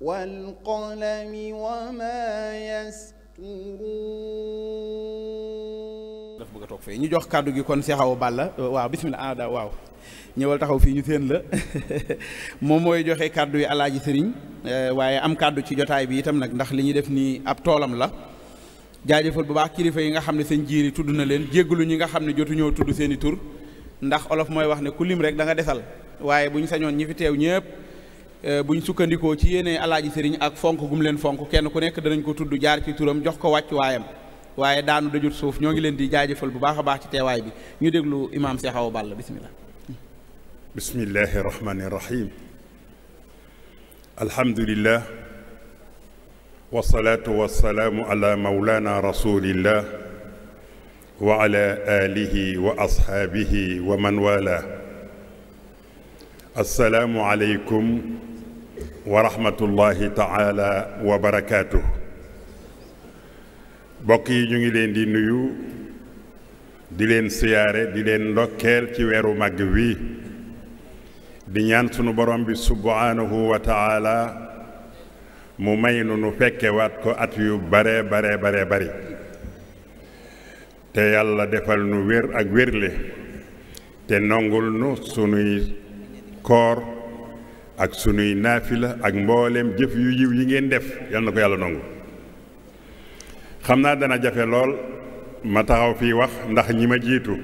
والقلم وما يسطرون dafa bëgg toog fee ñu jox kàddu gi kon Cheikh Awa Balla waaw bismillah aada waaw ñëwal taxaw fii ñu seen la moom mooy joxe kàddu yi alaaji sëriñ eh, waaye am kàddu ci jotaay bi itam nag ndax li ñu def nii ab toolam la jaajëfal bu baax kilifa yi nga xam ne seen jiiri tudd na leen jéggalu ñi nga xam ne jotuñoo tudd seeni tur ndax olof mooy wax ne ku lim rek danga nga desal waaye bu ñu sañoon ñi fi teew ñëpp Euh, buñ sukkandikoo ci yéene alaaji sëriñ ak fonk gum leen fonk kenn ku nekk danañ ko tudd jaar ci turam jox ko wàcc waayam waaye daanu dajut suuf ñoo ngi leen di jaajëfal bu baax a baax ci teewaay bi ñu déglu imaam Cheikh Awa Balla bisimilah bismillahi rahmani rahim alhamdulillah wasalaatu wasalaamu ala maulana rasulillah wa ala alihi wa ashaabihi wa man wala assalaamu aleykum wa rahmatullahi taala wa barakaatu mbokk yi ñu ngi leen di nuyu di leen siyaare di leen ndokkeel ci weeru màgg wi di ñaan sunu borom bi subhaanahu wa taala mu may nu nu fekkewaat ko at yu bare bare bare bari te yàlla defal nu wér ak wérle te nongul nu sunuy koor ak sunuy naafila ak mbooleem jëf yu yiw yi ngeen def yal na ko yàlla nangu xam naa dana jafe lool ma taxaw fii wax ndax ñi ma jiitu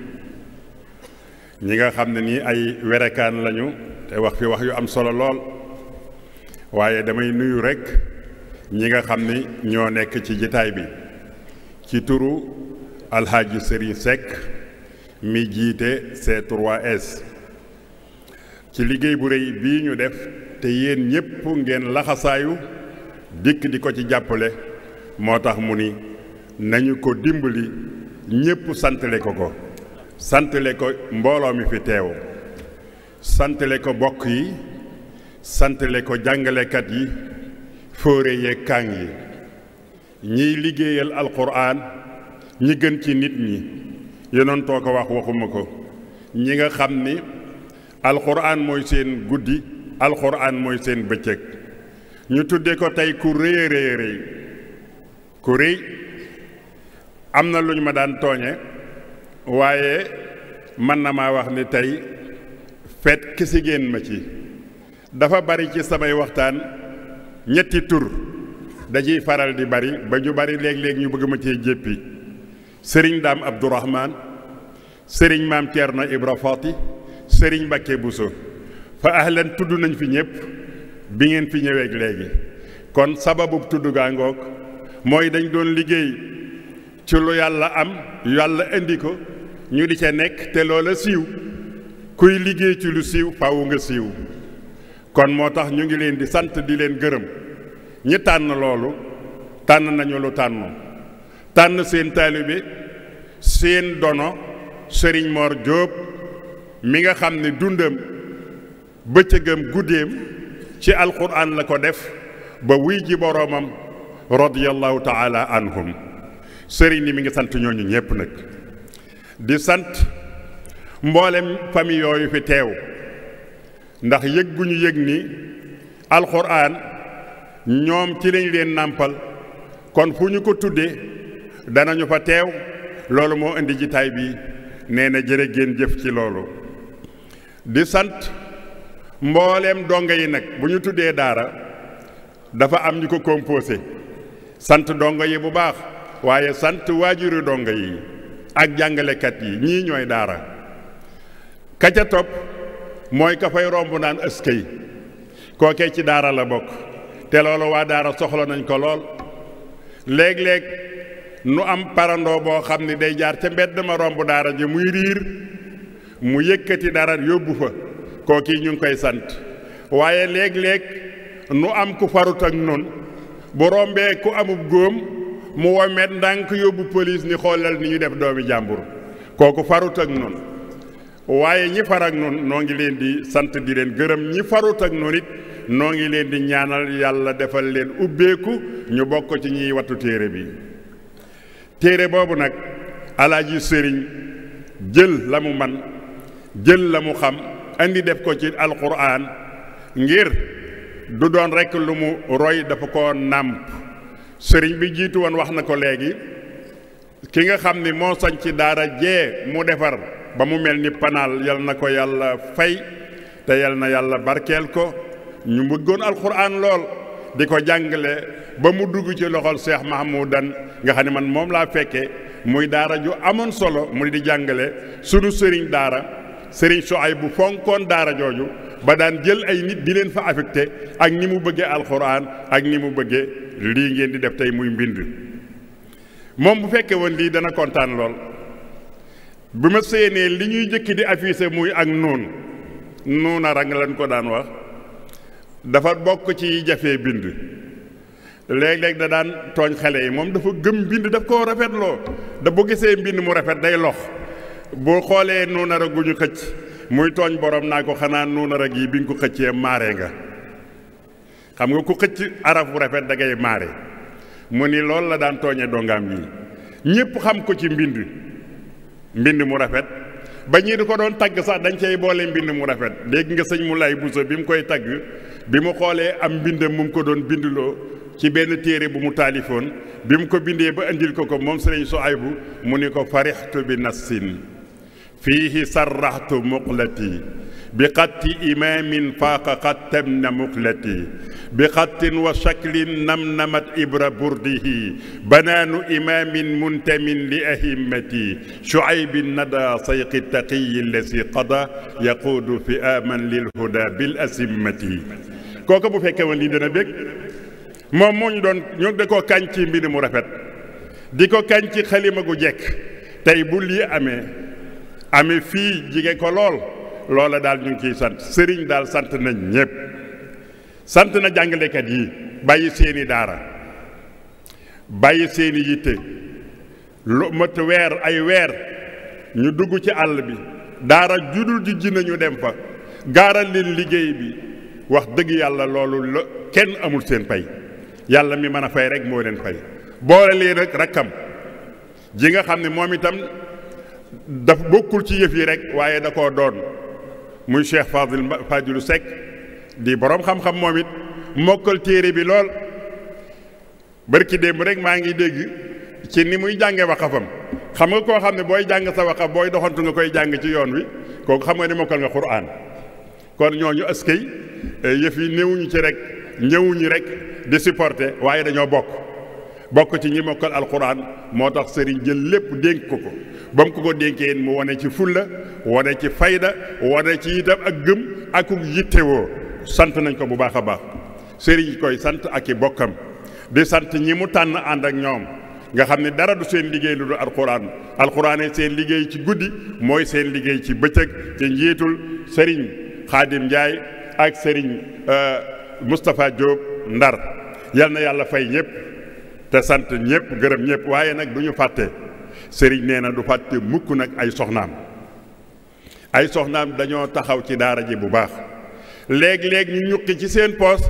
ñi nga xam ne nii ay werekaan lañu te wax fi wax yu am solo lool waaye damay nuyu rekk ñi nga xam ni ñoo nekk ci jataay bi ci turu alxaaji Serigne sekk mi jiite C3S ci liggéey bu rëy bii ñu def te yéen ñépp ngeen laxasaayu dikk di ko ci jàppale moo tax mu ni nañu ko dimbali ñépp santale ko ko santale ko mbooloo mi fi teew santale ko bokk yi santale ko jàngalekat yi fóore yeeg kàng yi ñiy liggéeyal alquran ñi gën ci nit ñi yenoon too ko wax waxuma ko ñi nga xam ni alxuraan mooy seen guddi alxuraan mooy seen bëccëg ñu tuddee ko tey ku rëy a rëy ku rëy am na lu ñu ma daan tooñe waaye mën na ma wax ni tey feet kisi génn ma ci dafa bari ci samay waxtaan ñetti tur dañuy faral di bari ba ñu bari léeg-léeg ñu bëgg ma cee jéppi sëriñ daam abdourahman sëriñ maam na Ibra Fati sëriñ Mbàkke Buso fa ahlan tudd nañu fi ñëpp bi ngeen fi ñëweeg léegi kon sababu tudd gaa mooy dañ doon liggéey ci lu yàlla am yàlla indi ko ñu di ca nekk te loola siiw kuy liggéey ci lu siiw faaw nga siiw kon moo tax ñu ngi leen di sant di leen gërëm ñi tànn loolu tànn nañu lu tànn tànn seen taalibe seen dono Sëriñ Mor Jóob mi nga xam ne dundam bëccëgam guddeem ci alquran la ko def ba wuy ji boroomam radiyallahu taala anhum sëriñ li mi ngi sant ñooñu ñépp nag di sant mboolem famille yooyu fi teew ndax yëg gu ñu yëg ni alxuraan ñoom ci lañ leen nàmpal kon fu ñu ko tuddee danañu fa teew loolu moo indi jitaay bi nee na jërë ngeen jëf ci loolu di sant mboolem donga yi nag bu ñu tuddee daara dafa am ñu ko composé sant dongo yi bu baax waaye sant waajuri donga yi ak jàngalekat yi ñii ñooy daara ka ca topp mooy ka fay romb naan koo kookee ci daara la bokk te loolu waa daara soxla nañ ko lool léeg-léeg nu am parandoo boo xam ni day jaar ca mbedd ma romb daara ji muy riir mu yëkkati dara yóbbu fa yi ñu ngi koy sant waaye léeg-léeg nu am ku farut ak noonu bu rombee ku amub góom mu womet ndànk yóbbu police ni xoolal ni ñu def doomi jàmbur kooku farut ak noon waaye ñi far ak noonu noo ngi leen di sant di leen gërëm ñi farut ak noonu it noo ngi leen di ñaanal yàlla defal leen ubbeeku ñu bokk ci ñiy wattu téere bi téere boobu nag alaaji sëriñ jël la mu man jël la mu xam indi def ko ci alquran ngir du doon rekk lu mu roy dafa ko nàmp sëriñ bi jiitu woon wax na ko léegi ki nga xam ni moo sañ ci daara jee mu defar ba mu mel ni panaal yal na ko yàlla fay te yal na yàlla barkeel ko ñu bëggoon alxuraan lool di ko jàngale ba mu dugg ci loxol Cheikh Mahmoudan nga xam ne man moom laa fekke muy daara ju amoon solo mu di jàngale sunu sëriñ daara sëriñ Suhayb bu fonkoon daara jooju ba daan jël ay nit di leen fa affecté ak ni mu bëggee alxuraan ak ni mu bëggee lii ngeen di def tey muy mbind moom bu fekkee woon lii dana kontaan lool bu ma séenee li ñuy jëkki di affiché muy ak nuun nuuna rang lañ ko daan wax dafa bokk ci jafee bind léeg-léeg da daan tooñ xale yi moom dafa gëm bind daf koo rafetloo da bu gisee mbind mu rafet day lox boo xoolee nuunar a guñu xëcc muy tooñ borom naa ko xanaa nuunar a gi bi nga ko xëccee maare nga xam nga ku xëcc araf bu rafet da ngay maare mu ni loolu la daan tooñe dongaam yi ñépp xam ko ci mbind mbind mu rafet ba ñii di ko doon tagg sax dañ cey boole mbind mu rafet léegi nga sëñ Moulay Bousso bi mu koy tagg bi mu xoolee am mbindam mu mu ko doon bindloo ci benn téere bu mu taalifoon bi mu ko bindee ba indil ko ko moom ay Sohaybu mu ni ko farixtu bi nassin fiihi sarraxtu muqlati bi xatti imaamin faaqa xattam na muqlati bi xattin wa shaklin nam namat ibra burdihi banaanu imaamin muntamin li ahimmati shuaybin nada sayqi taqiyi lasi qada yaquudu fi aman lil huda bil asimmati kooku bu fekkee woon lii dana bég moom moo ñu doon ñu da ko kañ ci mbir mu rafet di ko kañ ci xalima gu jekk tey bu lii amee ami fii jige ko lool loola daal ñu ngi ciy sant sëriñ daal sant na ñëpp sant na jàngalekat yi bàyyi seeni daara bàyyi seeni yitte lu mat weer ay weer ñu dugg ci àll bi daara judul ji ji nañu dem fa gaaral leen liggéey bi wax dëgg yàlla loolu kenn amul seen pay yàlla mi mën a fay rek moo leen pay boole leen ak rakkam ji nga xam ne moom itam daf bokkul ci yëf yi rek waaye da ko doon muy Cheikh Fadil Fadilu Seck di boroom xam-xam moom it mokkal téere bi lool barki démb rek maa ngi dégg ci ni muy jànge waxafam xam nga koo xam ne booy jàng sa waxaf booy doxantu nga koy jàng ci yoon wi kooku xam nga ne mokkal nga Qur'an kon ñooñu askay eh, yëf yi néewuñu ci rek ñëwuñu rek di supporter waaye dañoo bokk bokk ci ñi mokkal alquran moo tax sëriñ jël lépp dénk ko ko ba mu ko ko dénkee mu wane ci fulla wane ci fayda wane ci itam ak gëm ak yittewoo sant nañ ko bu baax a baax sëriñ koy sant ak i bokkam di sant ñi mu tànn ànd ak ñoom nga xam ne dara du seen liggéey lu dul alxuraan alxuraan seen liggéey ci guddi mooy seen liggéey ci bëccëg te njiitul sëriñ xaadim Ndiaye ak sëriñ euh, Moustapha Diop Ndar yal na yàlla fay ñëpp te sant ñëpp gërëm ñëpp waaye nag du ñu fàtte. sëriñ nee na du fàtte mukk nag ay soxnaam ay soxnaam dañoo taxaw ci daara ji bu baax léeg-léeg ñu ñuqi ci seen poos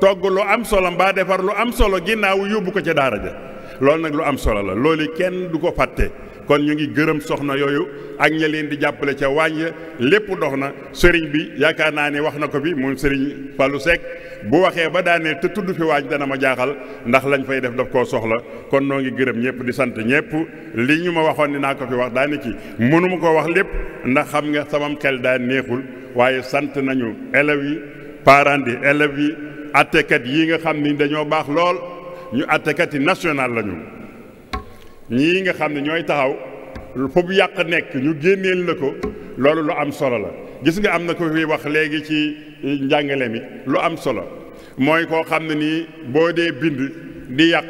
togg lu am solo mbaa defar lu am solo ginnaaw yóbbu ko ca daara ja loolu nag lu am solo la loolu kenn du ko fàtte kon ñu ngi gërëm soxna yooyu ak ña leen di jàppale ca wàññi lépp dox na sëriñ bi yaakaar naa ne wax na ko bi moom sëriñ Fallou Seck bu waxee ba daanee te tudd fi waañ dana ma jaaxal ndax lañ fay def daf koo soxla kon noo ngi gërëm ñëpp di sant ñëpp li ñu ma waxoon ni naa ko fi wax daane ci mënuma koo wax lépp ndax xam nga sama xel daan neexul waaye sant nañu élèves yi parents di élèves yi attekat yi nga xam ni dañoo baax lool ñu attekat yi national lañu ñii nga xam ne ñooy taxaw fu bu yàq nekk ñu génneel la ko loolu lu am solo la gis nga am na ko fi wax léegi ci njàngale mi lu am solo mooy koo xam ne nii boo dee bind di yàq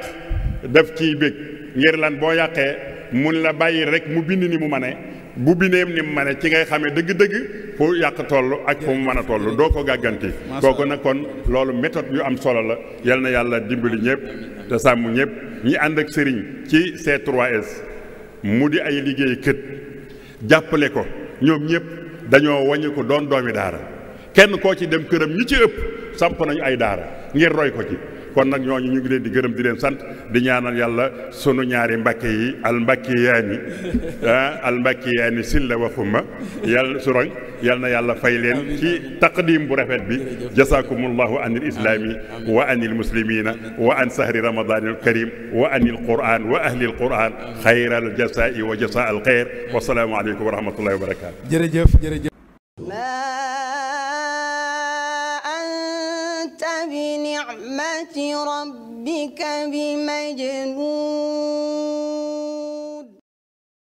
def ciy bég ngir lan boo yàqee mun la bàyyi rek mu bind ni mu mane bu bindeem ni mu mane ci ngay xamee dëgg-dëgg fu yàq toll ak fu mu mën a toll doo ko gàgganti ko nag kon loolu méthode yu am solo la yal na yàlla dimbali ñëpp te sàmm ñëpp ñi ànd ak sëriñ ci C3S mu di ay liggéey kët jàppale ko ñoom ñëpp dañoo wàññi ko doon doomi daara kenn koo ci dem këram ñi ci ëpp samp nañu ay daara ngir roy ko ci kon nag ñooñu ñu ngi leen di gërëm di leen sant di ñaanal yàlla sunu ñaari mbàkke yi al mbàkke yaani ah al mbàkke yaani silla waxuma yàlla suroñ yal na yàlla fay leen ci taqdim bu rafet bi jasakumullahu anil islami wa anil muslimina wa an sahri ramadanil karim wa anil quran wa ahlil quran xayral jasai wa jasa al xeyr wasalaamu aleykum wa rahmatullahi wa barakatu jërëjëf ربك بمجنون